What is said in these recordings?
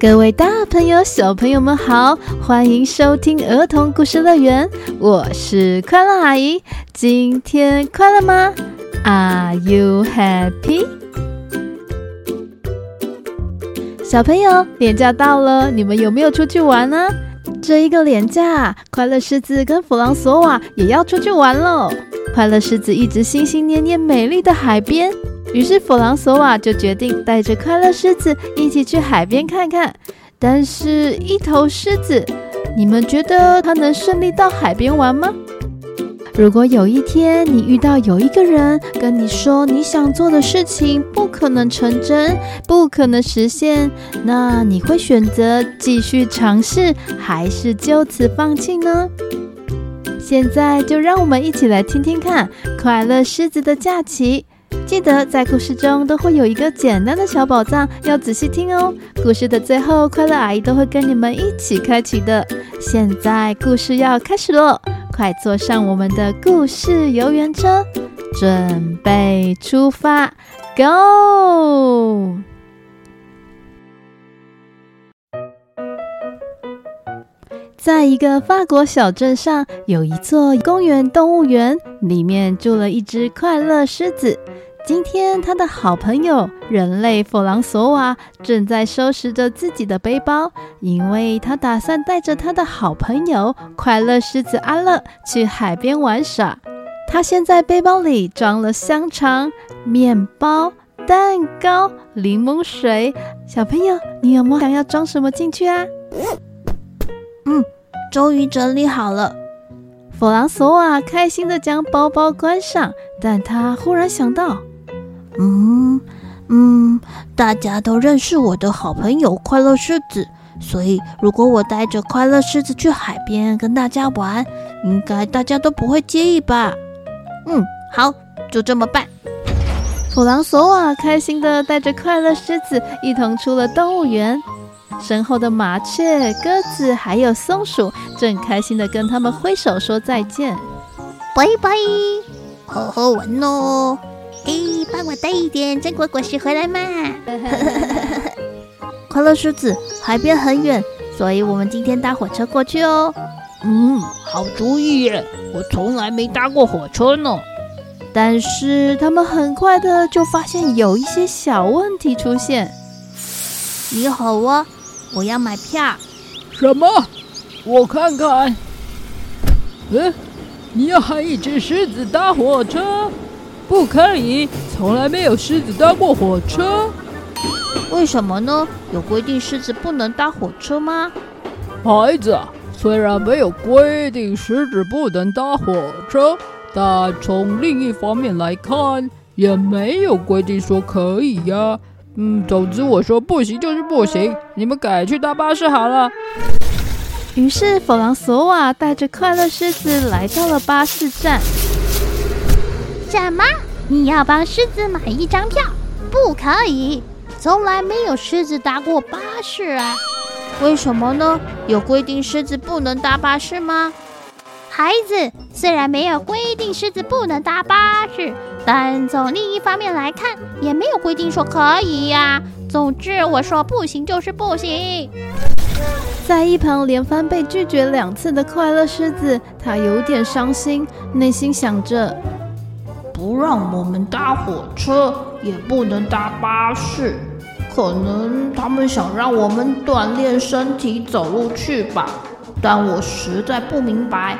各位大朋友、小朋友們好，歡迎收聽兒童故事樂園，我是快樂阿姨。今天快樂嗎？Are you happy？小朋友，年假到了，你們有沒有出去玩呢？這一個年假，快樂獅子跟弗朗索瓦也要出去玩嘍。快樂獅子一直心心念念美麗的海邊。於是弗朗索瓦就決定帶着快樂獅子一起去海邊看看。但是，一頭獅子，你們覺得它能順利到海邊玩嗎？如果有一天你遇到有一個人跟你說你想做的事情不可能成真，不可能實現，那你會選擇繼續嘗試，還是就此放棄呢？現在就讓我們一起來聽聽看快樂獅子的假期。記得在故事中都會有一個簡單的小寶藏，要仔細聽哦。故事的最後，快樂阿姨都會跟你們一起開啟的。現在故事要開始了，快坐上我們的故事遊園車，準備出發，Go！在一個法國小鎮上，有一座公園動物園，裡面住了一隻快樂獅子。今天，他的好朋友人類弗朗索瓦正在收拾着自己的背包，因為他打算帶着他的好朋友快樂獅子阿樂去海邊玩耍。他先在背包裡裝了香腸、麵包、蛋糕、檸檬水。小朋友，你有沒有想要裝什麼進去啊？嗯，終於整理好了。弗朗索瓦開心地將包包關上，但他忽然想到。嗯嗯，大家都認識我的好朋友快樂獅子，所以如果我帶着快樂獅子去海邊跟大家玩，應該大家都不會介意吧？嗯，好，就這麼辦。弗朗索瓦開心地帶着快樂獅子一同出了動物園，身後的麻雀、鴿子還有松鼠正開心地跟他們揮手說再見，拜拜，好好玩哦。誒、欸，幫我帶一點榛果果實回來嘛！ 快樂獅子，海邊很遠，所以我們今天搭火車過去哦。嗯，好主意耶！我從來沒搭過火車呢。但是他們很快的就發現有一些小問題出現。你好啊，哦，我要買票。什麼？我看看。嗯，你要喊一隻獅子搭火車？不可以，從來沒有獅子搭過火車。為什麼呢？有規定獅子不能搭火車嗎？孩子，雖然沒有規定獅子不能搭火車，但從另一方面來看，也沒有規定說可以呀、啊。嗯，總之我說不行就是不行，你們改去搭巴士好了。於是弗朗索瓦帶着快樂獅子來到了巴士站。什麼？你要幫獅子買一張票？不可以，從來沒有獅子搭過巴士啊。為什麼呢？有規定獅子不能搭巴士嗎？孩子，雖然沒有規定獅子不能搭巴士，但從另一方面來看，也沒有規定說可以呀。總之，我說不行就是不行。在一旁連番被拒絕兩次的快樂獅子，他有點傷心，內心想着。不讓我們搭火車，也不能搭巴士，可能他們想讓我們鍛鍊身體走路去吧。但我實在不明白，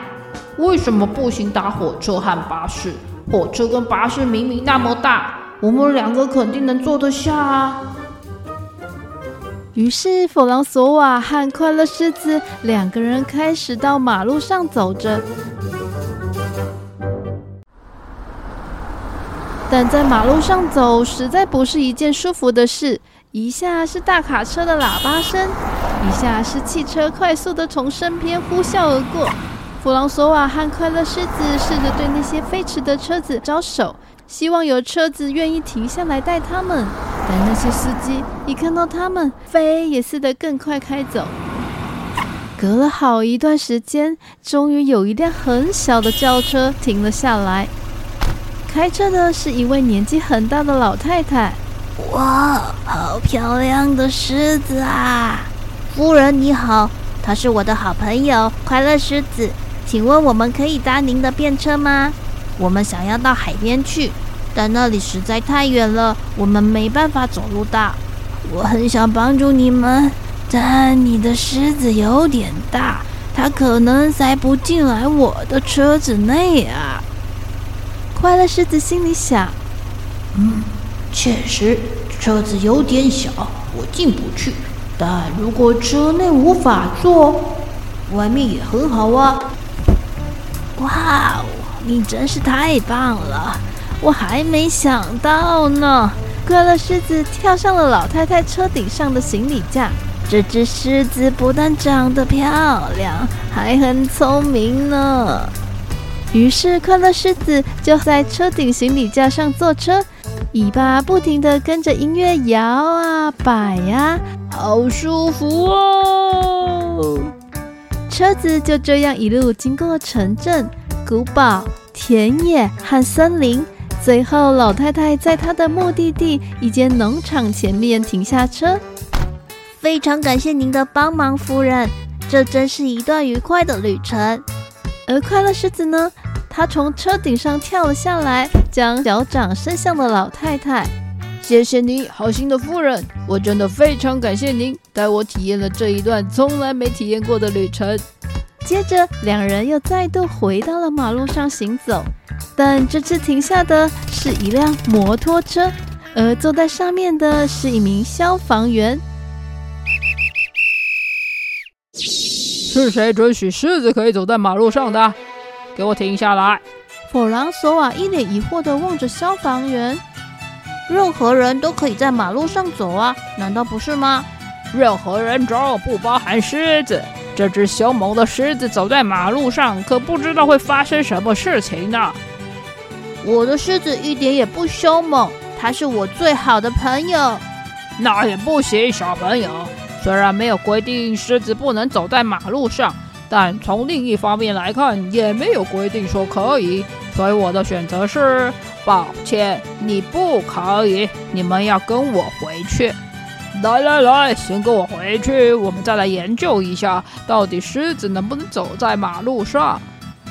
為什麼不行搭火車和巴士？火車跟巴士明明那麼大，我們兩個肯定能坐得下啊。於是，弗朗索瓦和快樂獅子兩個人開始到馬路上走着。但在馬路上走實在不是一件舒服的事，一下是大卡車的喇叭聲，一下是汽車快速地從身邊呼嘯而過。弗朗索瓦和快樂獅子試着對那些飛馳的車子招手，希望有車子願意停下來帶他們，但那些司機一看到他們，飛也似的更快開走。隔了好一段時間，終於有一輛很小的轎車停了下來。開車的是一位年紀很大的老太太。哇，好漂亮的獅子啊！夫人你好，他是我的好朋友快樂獅子。請問我們可以搭您的便車嗎？我們想要到海邊去，但那裡實在太遠了，我們沒辦法走路到。我很想幫助你們，但你的獅子有點大，它可能塞不進來我的車子內啊。快樂獅子心裡想：“嗯，確實車子有點小，我進不去。但如果車內無法坐，外面也很好啊！”哇哦，你真是太棒了！我還沒想到呢！快樂獅子跳上了老太太車頂上的行李架。這隻獅子不但長得漂亮，還很聰明呢。於是，快樂獅子就在車頂行李架上坐車，尾巴不停地跟着音樂搖啊擺呀，啊，好舒服哦！車子就這樣一路經過城鎮、古堡、田野和森林，最後老太太在她的目的地一間農場前面停下車。非常感謝您的幫忙，夫人，這真是一段愉快的旅程。而快樂獅子呢？它從車頂上跳了下來，將腳掌伸向了老太太。謝謝你，好心的夫人，我真的非常感謝您帶我體驗了這一段從來沒體驗過的旅程。接着，兩人又再度回到了馬路上行走，但這次停下的是一輛摩托車，而坐在上面的是一名消防員。是誰准許獅子可以走在馬路上的？給我停下來！弗朗索瓦、啊、一臉疑惑地望着消防員。任何人都可以在馬路上走啊，難道不是嗎？任何人中不包含獅子。這隻兇猛的獅子走在馬路上，可不知道會發生什麼事情呢。我的獅子一點也不兇猛，它是我最好的朋友。那也不行，小朋友。雖然沒有規定獅子不能走在馬路上，但從另一方面來看，也沒有規定說可以。所以我的選擇是：抱歉，你不可以。你們要跟我回去。來來來，先跟我回去，我們再來研究一下到底獅子能不能走在馬路上。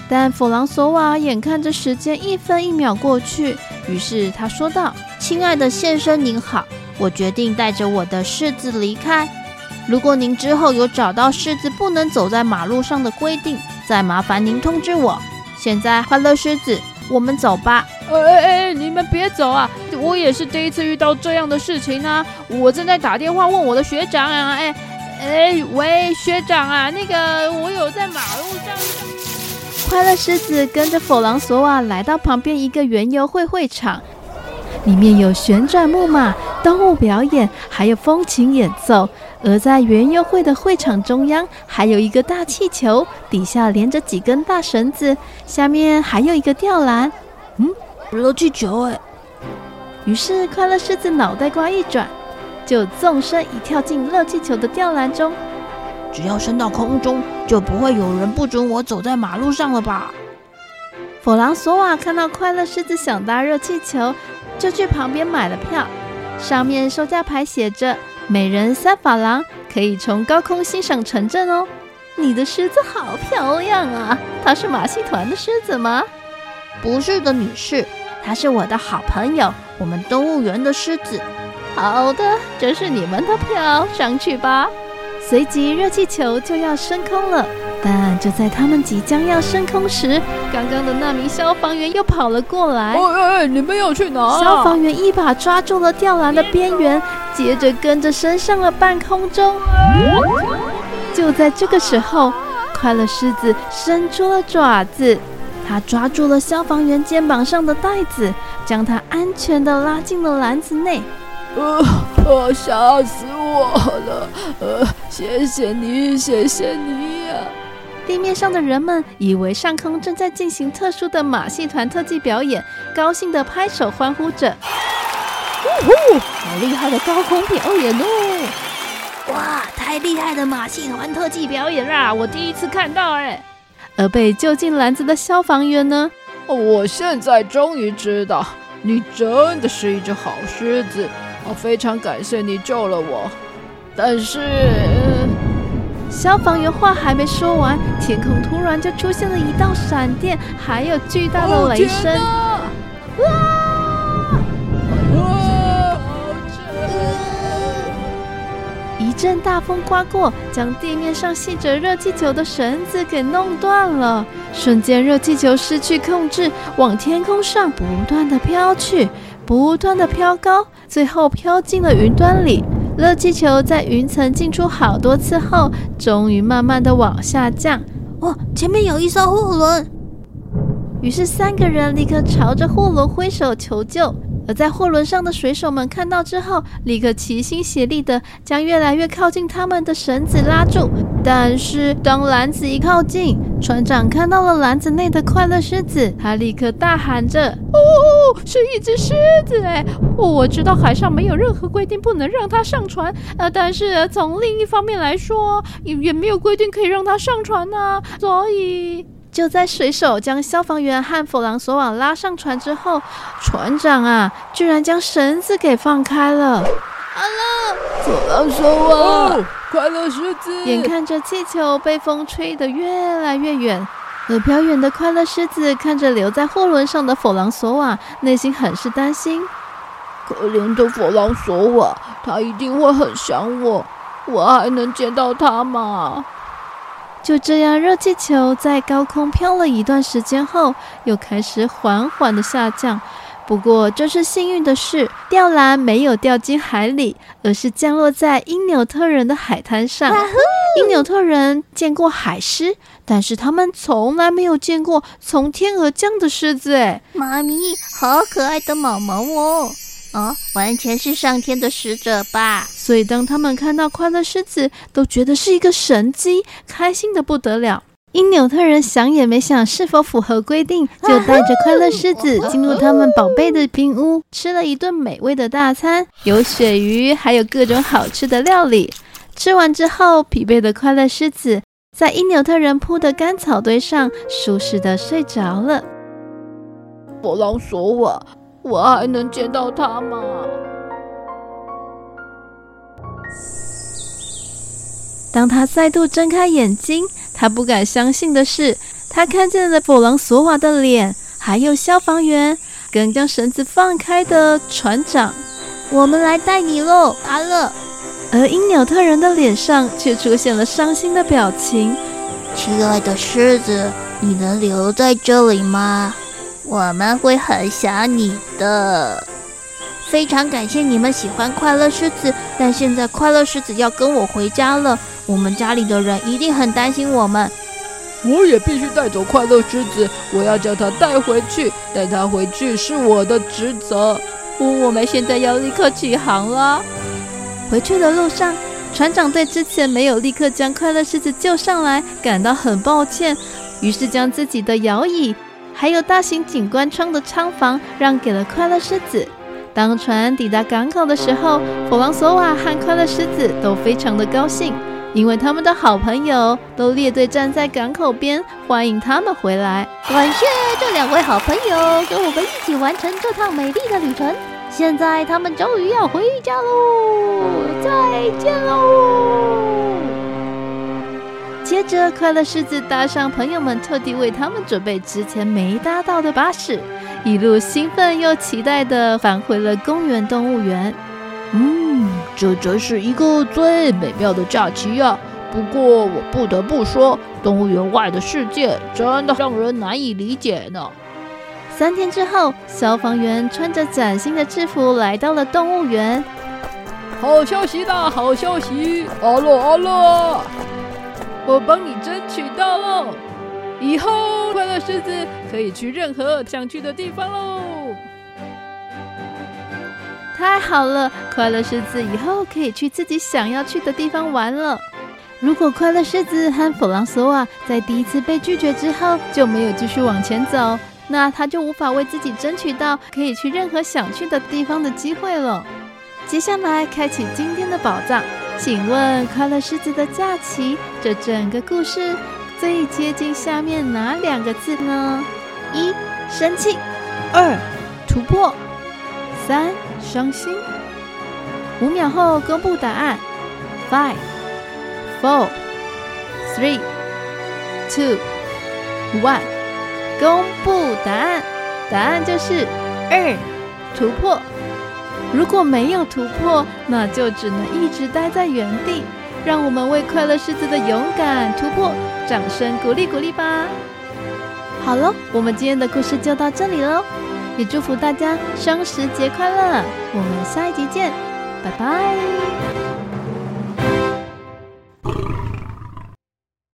但弗朗索瓦眼看着時間一分一秒過去，於是他說道：“親愛的先生，您好，我決定帶着我的獅子離開。”如果您之後有找到獅子不能走在馬路上的規定，再麻煩您通知我。現在快樂獅子，我們走吧。哎哎哎，你們別走啊！我也是第一次遇到這樣的事情呢、啊。我正在打電話問我的學長。啊，哎、欸、哎、欸，喂，學長啊，那個我有在馬路上。快樂獅子跟着弗朗索瓦來到旁邊一個園遊會會場。裡面有旋轉木馬、動物表演，還有風琴演奏。而在園遊會的會場中央，還有一個大氣球，底下連着幾根大繩子，下面還有一個吊籃。嗯，熱氣球誒！於是快樂獅子腦袋瓜一轉，就縱身一跳進熱氣球的吊籃中。只要升到空中，就不會有人不准我走在馬路上了吧？弗朗索瓦看到快樂獅子想搭熱氣球。就去旁邊買了票，上面售價牌寫着每人三法郎，可以從高空欣賞城鎮哦。你的獅子好漂亮啊，它是馬戲團的獅子嗎？不是的，女士，它是我的好朋友，我們動物園的獅子。好的，這是你們的票，上去吧。隨即熱氣球就要升空了。但就在他們即將要升空時，剛剛的那名消防員又跑了過來。哦，哎哎你們要去哪兒、啊？消防員一把抓住了吊籃的邊緣，接着跟着升上了半空中。嗯，就在這個時候，啊，快樂獅子伸出了爪子，他抓住了消防員肩膀上的袋子，將他安全的拉進了籃子內呃。呃，嚇死我了，呃，謝謝你，謝謝你呀、啊。地面上的人們以為上空正在進行特殊的馬戲團特技表演，高興地拍手歡呼着。嗚呼，好厲害的高空表演哦！哇，太厲害的馬戲團特技表演啦！我第一次看到誒、哎，而被救進籃子的消防員呢？我現在終於知道，你真的是一隻好獅子，我非常感謝你救了我。但是。消防員話還沒說完，天空突然就出現了一道閃電，還有巨大的雷聲。哇、哦啊啊啊！一陣大風颳過，將地面上繫着熱氣球的繩子給弄斷了。瞬間，熱氣球失去控制，往天空上不斷的飄去，不斷的飄高，最後飄進了雲端裡。熱氣球在雲層進出好多次後，終於慢慢的往下降。哦，前面有一艘貨輪！於是三個人立刻朝着貨輪揮手求救。而在貨輪上的水手們看到之後，立刻齊心協力的將越來越靠近他們的繩子拉住。但是當籃子一靠近，船長看到了籃子內的快樂獅子，他立刻大喊着：“哦，是一只獅子哎、哦！我知道海上沒有任何規定不能讓它上船，呃，但是從另一方面來說，也，也沒有規定可以讓它上船吶、啊。”所以就在水手將消防員和弗朗索瓦拉上船之後，船長啊，居然將繩子給放開了。好、啊、了，弗朗索瓦。快樂獅子，眼看着氣球被風吹得越來越遠，而飄遠的快樂獅子看着留在貨輪上的弗朗索瓦，內心很是擔心。可憐的弗朗索瓦，他一定會很想我，我還能見到他嗎？就這樣，熱氣球在高空飄了一段時間後，又開始緩緩的下降。不過這是幸運的事。吊籃沒有掉進海裡，而是降落在因紐特人的海灘上。因紐特人見過海獅，但是他們從來沒有見過從天而降的獅子。媽咪，好可愛的毛毛哦！啊、哦，完全是上天的使者吧？所以當他們看到快樂獅子，都覺得是一個神蹟，開心得不得了。因紐特人想也沒想是否符合規定，就帶着快樂獅子進入他們寶貝的冰屋，吃了一頓美味的大餐，有鱈魚，還有各種好吃的料理。吃完之後，疲憊的快樂獅子在因紐特人鋪的乾草堆上舒適的睡着了。弗朗索瓦，我還能見到他嗎？當他再度睜開眼睛，他不敢相信的是，他看見了弗朗索瓦的臉，還有消防員跟將繩子放開的船長。我們來帶你嘍，阿樂。而因紐特人的臉上卻出現了傷心的表情。親愛的獅子，你能留在這裡嗎？我們會很想你的。非常感謝你們喜歡快樂獅子，但現在快樂獅子要跟我回家了。我們家裡的人一定很擔心我們。我也必須帶走快樂獅子，我要將他帶回去，帶他回去是我的職責。哦，我們現在要立刻起航了。回去的路上，船長對之前沒有立刻將快樂獅子救上來感到很抱歉，於是將自己的搖椅還有大型景觀窗的倉房讓給了快樂獅子。當船抵達港口的時候，弗朗索瓦和快樂獅子都非常的高興。因為他們的好朋友都列隊站在港口邊歡迎他們回來，感謝這兩位好朋友跟我們一起完成這趟美麗的旅程。現在他們終於要回家嘍，再見嘍！接着，快樂獅子搭上朋友們特地為他們準備之前沒搭到的巴士，一路興奮又期待地返回了公園動物園。嗯，這真是一個最美妙的假期呀！不過我不得不說，動物園外的世界真的讓人難以理解呢。三天之後，消防員穿着嶄新的制服來到了動物園。好消息啦！好消息，阿樂阿樂，我幫你爭取到了，以後快樂獅子可以去任何想去的地方嘍。太好了，快樂獅子以後可以去自己想要去的地方玩了。如果快樂獅子和弗朗索瓦在第一次被拒絕之後就沒有繼續往前走，那他就無法為自己爭取到可以去任何想去的地方的機會了。接下來開啟今天的寶藏。請問快樂獅子的假期，這整個故事最接近下面哪兩個字呢？一、生氣；二、突破；三。傷心。五秒後公布答案。Five, four, three, two, one。公布答案，答案就是二，突破。如果沒有突破，那就只能一直待在原地。讓我們為快樂獅子的勇敢突破，掌聲鼓勵鼓勵吧。好了，我們今天的故事就到這裡嘍。也祝福大家雙十節快樂！我們下一集見，拜拜。